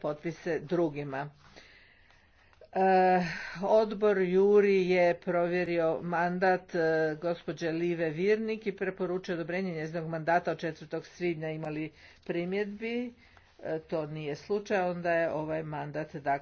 potpise drugima. E, odbor Juri je provjerio mandat e, gospođe Live Virnik i preporučio odobrenje njeznog mandata od 4. svibnja imali primjedbi. E, to nije slučaj, onda je ovaj mandat dakle